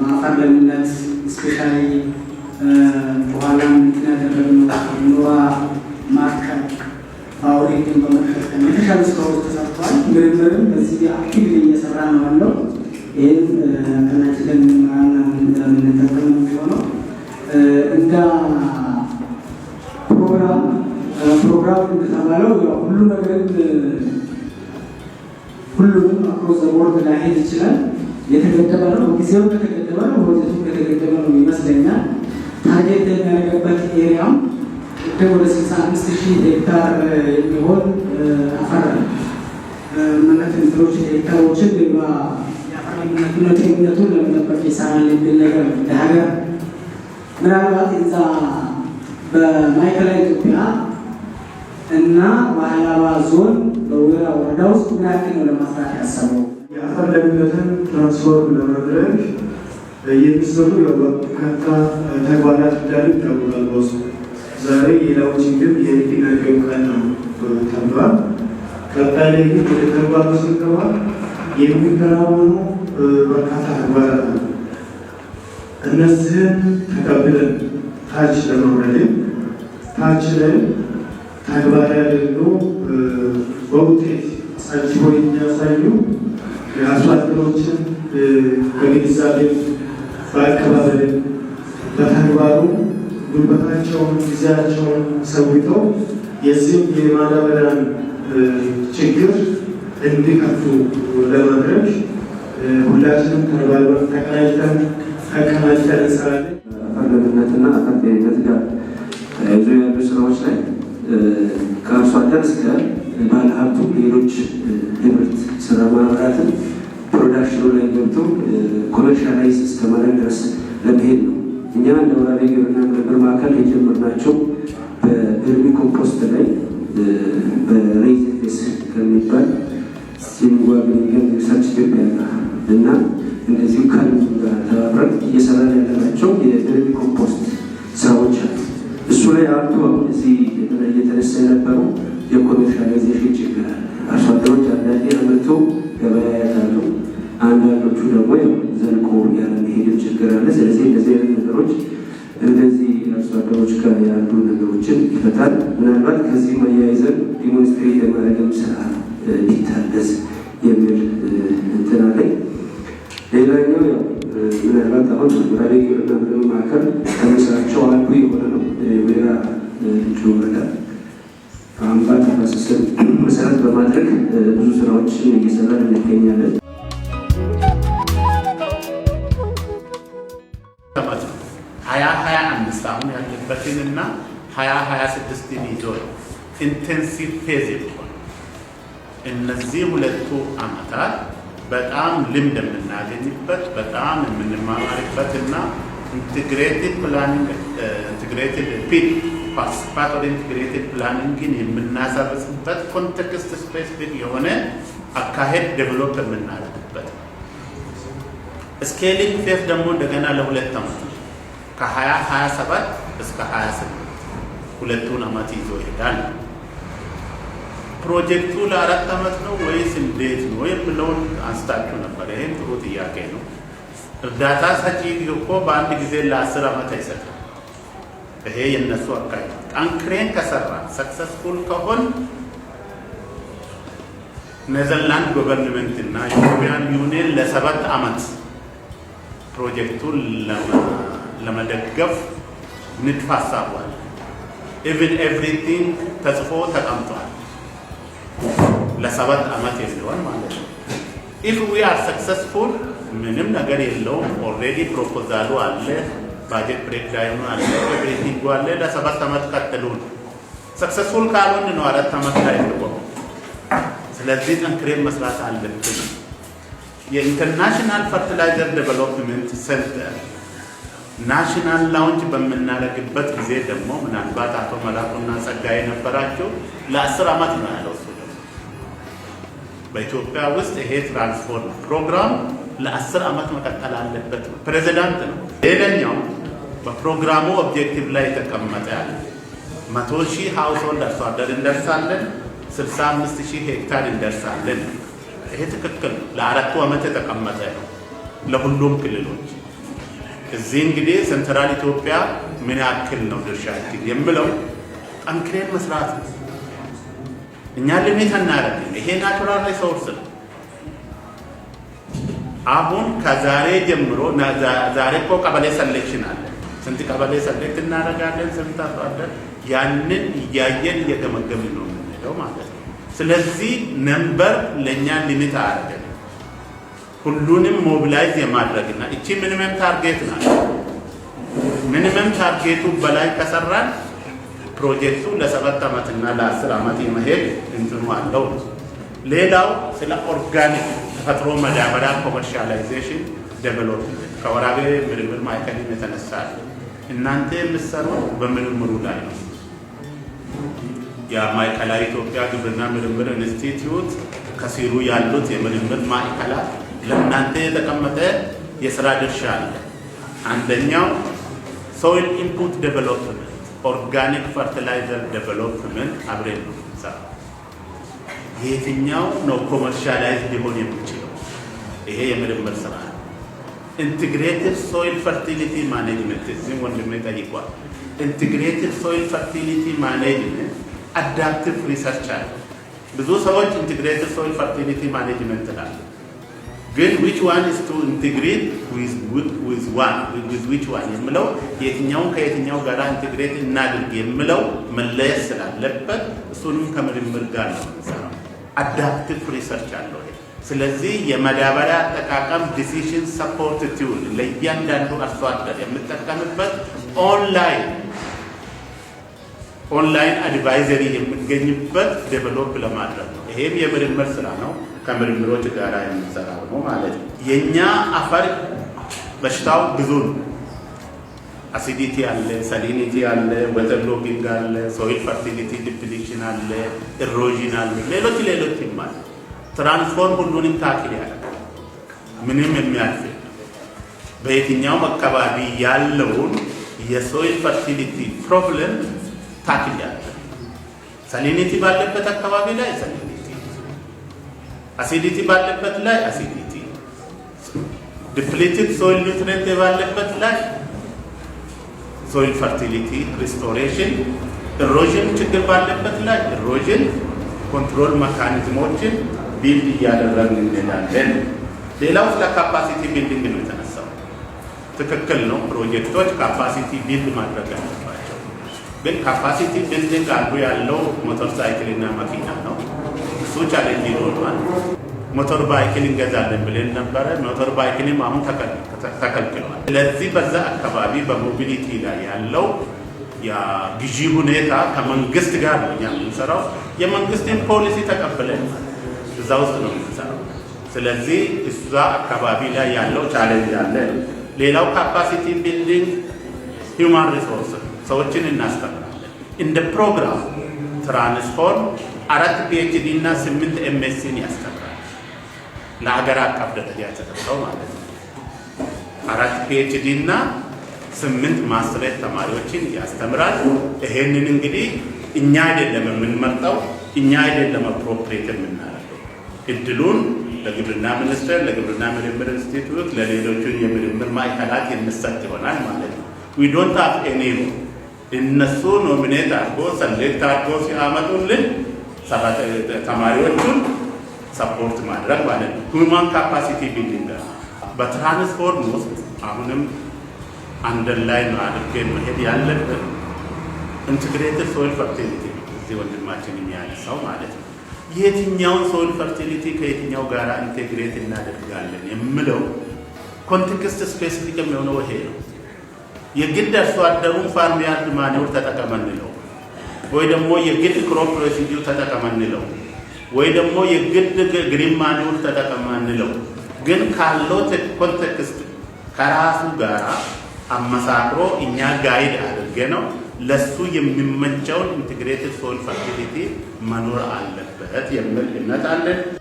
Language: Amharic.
ማዕከል ለምነት ስፔሻሊ በኋላ ምንትን ያደረግነው ኖራ ማርከብ ፋውሪትን በመጠቀም የተሻሉ ስራዎች ተሰርተዋል። ምርምርም በዚህ አክቲቭ እየሰራ ነው ያለው። ይህም ከናችለን ምራና ምንጠቀም የሚሆነው እንደ ፕሮግራም ፕሮግራም እንደተባለው ሁሉ ነገር ሁሉም አክሮስ ዘ ቦርድ ላይሄድ ይችላል። የተገደበ ነው፣ ጊዜው የተገደበ ነው፣ ወደቱ የተገደበ ነው ይመስለኛል። ታርጌት የሚያደርግበት ኤሪያም ቅድም ወደ ስልሳ ሺህ ሄክታር የሚሆን አፈር ምነት እንትኖች ሄክታሮችን ግባ ጤንነቱን ለመጠበቅ ይሰራል የሚል ነገር እንደ ሀገር ምናልባት እዛ በማዕከላዊ ኢትዮጵያ እና በሀላባ ዞን በወይራ ወረዳ ውስጥ ምን ያክል ነው ለማስራት ያሰበው? ያፈለግበትን ትራንስፎርም ለማድረግ የሚሰሩ በርካታ ተግባራት እንዳሉ ይታወቃል። በውስጡ ዛሬ የላው ችግር የሚናገሩ ቀን ነው ተብሏል። ቀጣይ ግን ወደ ተግባር ስንገባል የሚከናወኑ በርካታ ተግባራት ነው። እነዚህን ተቀብለን ታች ለመውረድ ታች ላይ ተግባር ያደርገው በውጤት ጸድፎ የሚያሳዩ አርሶ አደሮችን በግንዛቤ በአቀባበል በተግባሩ ጉልበታቸውን ጊዜያቸውን ሰውተው የዚህም የማዳበሪያን ችግር እንዲቀርፉ ለማድረግ ሁላችንም ተነባብረን ተቀናጅተን ተቀናጅተን እንሰራለን። አርበኝነትና አካባቢነት ጋር ይዞ ያሉ ስራዎች ላይ ከአርሶ አደር እስከ ባለ ሀብቱ ሌሎች ህብረት ስራ ማህበራትን ፕሮዳክሽኑ ላይ ገብቶ ኮመርሻላይዝ እስከማድረግ ድረስ ለመሄድ ነው። እኛ እንደ ወራቤ ግብርና ምርምር ማዕከል የጀመርናቸው በእርቢ ኮምፖስት ላይ በሬይዝ ከሚባል ሲንጓግኒገን ሪሰርች ኢትዮጵያ እና እንደዚሁ ከን ተባብረን እየሰራ ያለናቸው የእርቢ ኮምፖስት ስራዎች አሉ። እሱ ላይ አንዱ አሁን እዚህ እየተነሳ የነበረው የኮሜርሻላይዜሽን ችግር አለ። አርሶ አደሮች አንዳንዴ አመቱ ገበያ ያታሉ፣ አንዳንዶቹ ደግሞ ዘልቆ ያለ ችግር አለ። ስለዚህ እንደዚህ አይነት ነገሮች እንደዚህ አርሶ አደሮች ጋር ያሉ ነገሮችን ይፈታል። ምናልባት ከዚህ መያይዘን ዲሞንስትሬት የማድረግም ስራ እንዲታደስ የሚል እንትን አለኝ። ሌላኛው ያው ምናልባት አሁን ጉራቤ ግብርና ማዕከል ከምስራቸው አንዱ የሆነ ነው ሌላ ልጅ ወረዳ አምባ ተፋሰስን መሰረት በማድረግ ብዙ ስራዎችን እየሰራን እንገኛለን። ሀያ ሀያ አምስት አሁን ያለበትን ያለበትንና ሀያ ሀያ ስድስትን ይዞ ኢንቴንሲቭ ፌዝ ይልኳል። እነዚህ ሁለቱ አመታት በጣም ልምድ የምናገኝበት በጣም የምንማማርበት እና ኢንቴግሬትድ ፕላኒንግ ኢንቴግሬትድ ፒድ ፓርቲሲፓት ኦር ኢንትግሬትድ ፕላኒንግን የምናሳርጽበት ኮንቴክስት ስፔሲፊክ የሆነ አካሄድ ዴቨሎፕ የምናደርግበት ስኬሊንግ ፌዝ ደግሞ እንደገና ለሁለት ዓመት ከ2027 እስከ 28 ሁለቱን ዓመት ይዞ ይሄዳል። ፕሮጀክቱ ለአራት ዓመት ነው ወይስ እንዴት ነው የምለውን አንስታችሁ ነበር። ይህም ጥሩ ጥያቄ ነው። እርዳታ ሰጪ እኮ በአንድ ጊዜ ለአስር ዓመት አይሰጥም። ይሄ የነሱ አካሄድ ጠንክሬን ከሰራ ሰክሰስፉል ከሆን ኔዘርላንድ ጎቨርንመንት እና ዩሮፒያን ዩኒየን ለሰባት አመት ፕሮጀክቱን ለመደገፍ ንድፍ አሳቧል። ኢቭን ኤቭሪቲንግ ተጽፎ ተቀምጧል። ለሰባት አመት የሚሆን ማለት ነው። ኢፍ ዊ አር ሰክሰስፉል ምንም ነገር የለውም። ኦልሬዲ ፕሮፖዛሉ አለ። ባጀት ብሬክ ዳይኑ አለ፣ ኤቭሪቲንግ አለ። ለሰባት ዓመት ቀጥሉን ሰክሰስፉል ካልሆን ነው አራት ዓመት ላይ ልቆም። ስለዚህ ጠንክሬን መስራት አለብን። የኢንተርናሽናል ፈርቲላይዘር ዴቨሎፕመንት ሴንተር ናሽናል ላውንጅ በምናደርግበት ጊዜ ደግሞ ምናልባት አቶ መላኩና ጸጋ የነበራቸው ለአስር ዓመት ነው ያለው እሱ ደግሞ በኢትዮጵያ ውስጥ ይሄ ትራንስፎርም ፕሮግራም ለአስር ዓመት መቀጠል አለበት። ፕሬዚዳንት ነው ሌላኛው ፕሮግራሙ ኦብጀክቲቭ ላይ የተቀመጠ ያለ መቶ ሺህ ሀውስሆልድ አርሶ አደር እንደርሳለን፣ 65 ሺህ ሄክታር እንደርሳለን። ይሄ ትክክል ለአራቱ ዓመት የተቀመጠ ነው ለሁሉም ክልሎች። እዚህ እንግዲህ ሴንትራል ኢትዮጵያ ምን ያክል ነው ድርሻችን የምለው ጠንክሬን መስራት ነው። እኛ ልሜት እናደርግም። ይሄ ናቹራል ሪሶርስ ነው። አሁን ከዛሬ ጀምሮ ዛሬ እኮ ቀበሌ ሰሌክሽን አለ ስንት ቀበሌ ሰሌክት እናደርጋለን፣ ስንት አስራለን፣ ያንን እያየን እየገመገምን ነው የምንሄደው ማለት ነው። ስለዚህ ነንበር ለእኛ ሊሚት አያደርገን ሁሉንም ሞቢላይዝ የማድረግና እቺ ሚኒመም ታርጌት ናት። ሚኒመም ታርጌቱ በላይ ከሰራን ፕሮጀክቱ ለሰባት ዓመትና ለአስር ዓመት የመሄድ እንትኑ አለው። ሌላው ስለ ኦርጋኒክ ተፈጥሮ ማዳበሪያ ኮመርሻላይዜሽን ዴቨሎፕመንት ከወራቤ ምርምር ማዕከልም የተነሳ እናንተ የምትሰሩት በምርምሩ ላይ ነው። የማዕከላዊ ኢትዮጵያ ግብርና ምርምር ኢንስቲትዩት ከሲሩ ያሉት የምርምር ማዕከላት ለእናንተ የተቀመጠ የስራ ድርሻ አለ። አንደኛው ሶይል ኢንፑት ዴቨሎፕመንት፣ ኦርጋኒክ ፈርቲላይዘር ዴቨሎፕመንት አብሬ ነው የትኛው ነው ኮመርሻላይዝ ሊሆን የሚችለው? ይሄ የምርምር ስራ ኢንትግሬትድ ሶይል ፈርቲሊቲ ማኔጅመንት እዚህም ወንድሜ ጠይቋል። ኢንትግሬትድ ሶይል ፈርቲሊቲ ማኔጅመንት አዳፕቲቭ ሪሰርች አለ። ብዙ ሰዎች ኢንትግሬትድ ሶይል ፈርቲሊቲ ማኔጅመንት ላለ ግን ዊች ዋን ስ ቱ ኢንትግሬት ዊዝ ዊች ዋን የምለው የትኛውን ከየትኛው ጋር ኢንትግሬት እናድርግ የምለው መለየት ስላለበት እሱንም ከምርምር ጋር ነው አዳፕቲቭ ሪሰርች አለው። ስለዚህ የመዳበሪያ አጠቃቀም ዲሲሽን ሰፖርት ቲዩን ለእያንዳንዱ አርሶ አደር የምጠቀምበት ኦንላይን ኦንላይን አድቫይዘሪ የምንገኝበት ዴቨሎፕ ለማድረግ ነው። ይሄም የምርምር ስራ ነው። ከምርምሮች ጋር የምንሰራው ነው ማለት ነው። የእኛ አፈር በሽታው ብዙ ነው። አሲዲቲ አለ፣ ሰሊኒቲ አለ፣ ወተር ሎጊንግ አለ፣ ሶይል ፈርቲሊቲ ዲፕሊሽን አለ፣ ኢሮዥን አለ፣ ሌሎች ሌሎችም አለ። ትራንስፎርም ሁሉንም ታክል ያለ ምንም የሚያልፍ በየትኛውም አካባቢ ያለውን የሶይል ፈርቲሊቲ ፕሮብለም ታክል ያለ ሰሊኒቲ ባለበት አካባቢ ላይ ሰሊኒቲ፣ አሲዲቲ ባለበት ላይ አሲዲቲ፣ ዲፕሊትድ ሶይል ኒውትሬንት ባለበት ላይ ሶይል ፈርቲሊቲ ሪስቶሬሽን ኢሮዥን ችግር ባለበት ላይ ኢሮዥን ኮንትሮል መካኒዝሞችን ቢልድ እያደረግን እንላለን። ሌላው ስለ ካፓሲቲ ቢልዲንግ ነው የተነሳው። ትክክል ነው። ፕሮጀክቶች ካፓሲቲ ቢልድ ማድረግ አለባቸው። ግን ካፓሲቲ ቢልዲንግ አንዱ ያለው ሞተር ሳይክልና መኪና ነው። እሱ ቻሌንጅ ይኖረዋል። ሞተር ባይክን እንገዛለን ብለን ነበረ። ሞተር ባይክንም አሁን ተከልክለዋል። ስለዚህ በዛ አካባቢ በሞቢሊቲ ላይ ያለው የግዢ ሁኔታ ከመንግስት ጋር ነው እኛ የምንሰራው። የመንግስትን ፖሊሲ ተቀብለን እዛ ውስጥ ነው የምንሰራው። ስለዚህ እዛ አካባቢ ላይ ያለው ቻሌንጅ አለ። ሌላው ካፓሲቲ ቢልዲንግ ሂውማን ሪሶርስ ሰዎችን እናስተምራለን። እንደ ፕሮግራም ትራንስፎርም አራት ፒኤችዲ እና ስምንት ኤምኤስሲን ያስተምራል። ለሀገር አቀፍ ደረጃ የተሰጠው ማለት ነው። አራት ፒኤችዲ እና ስምንት ማስትሬት ተማሪዎችን ያስተምራል። ይሄንን እንግዲህ እኛ አይደለም የምንመርጠው፣ እኛ አይደለም አፕሮፕሬት የምናደርገው። እድሉን ለግብርና ሚኒስቴር፣ ለግብርና ምርምር ኢንስቲትዩት፣ ለሌሎቹን የምርምር ማዕከላት የሚሰጥ ይሆናል ማለት ነው። ዊ ዶንት ሃቭ ኤኒ ነው እነሱ ኖሚኔት አድርጎ ሰሌክት አድርጎ ሲያመጡልን ተማሪዎቹን ሰፖርት ማድረግ ማለት ነው። ሁማን ካፓሲቲ ቢልዲንግ በትራንስፎርም ውስጥ አሁንም አንደርላይን አድርገን መሄድ ያለብን ኢንትግሬትድ ሶይል ፈርቲሊቲ እዚህ ወንድማችን የሚያነሳው ማለት ነው። የትኛውን ሶይል ፈርቲሊቲ ከየትኛው ጋር ኢንቴግሬት እናደርጋለን የምለው ኮንቴክስት ስፔሲፊክ የሚሆነው ይሄ ነው። የግድ አርሶ አደሩን ፋርም ያርድ ተጠቀመንለው ወይ ደግሞ የግድ ክሮፕ ሬሲዲው ተጠቀመንለው ወይ ደግሞ የግድ ግሪማኒውን ተጠቀማ እንለው ግን ካለው ኮንቴክስት ከራሱ ጋር አመሳክሮ እኛ ጋይድ አድርጌ ነው ለሱ የሚመቸውን ኢንቴግሬትድ ሶል ፋሲሊቲ መኖር አለበት የሚል እምነት አለን።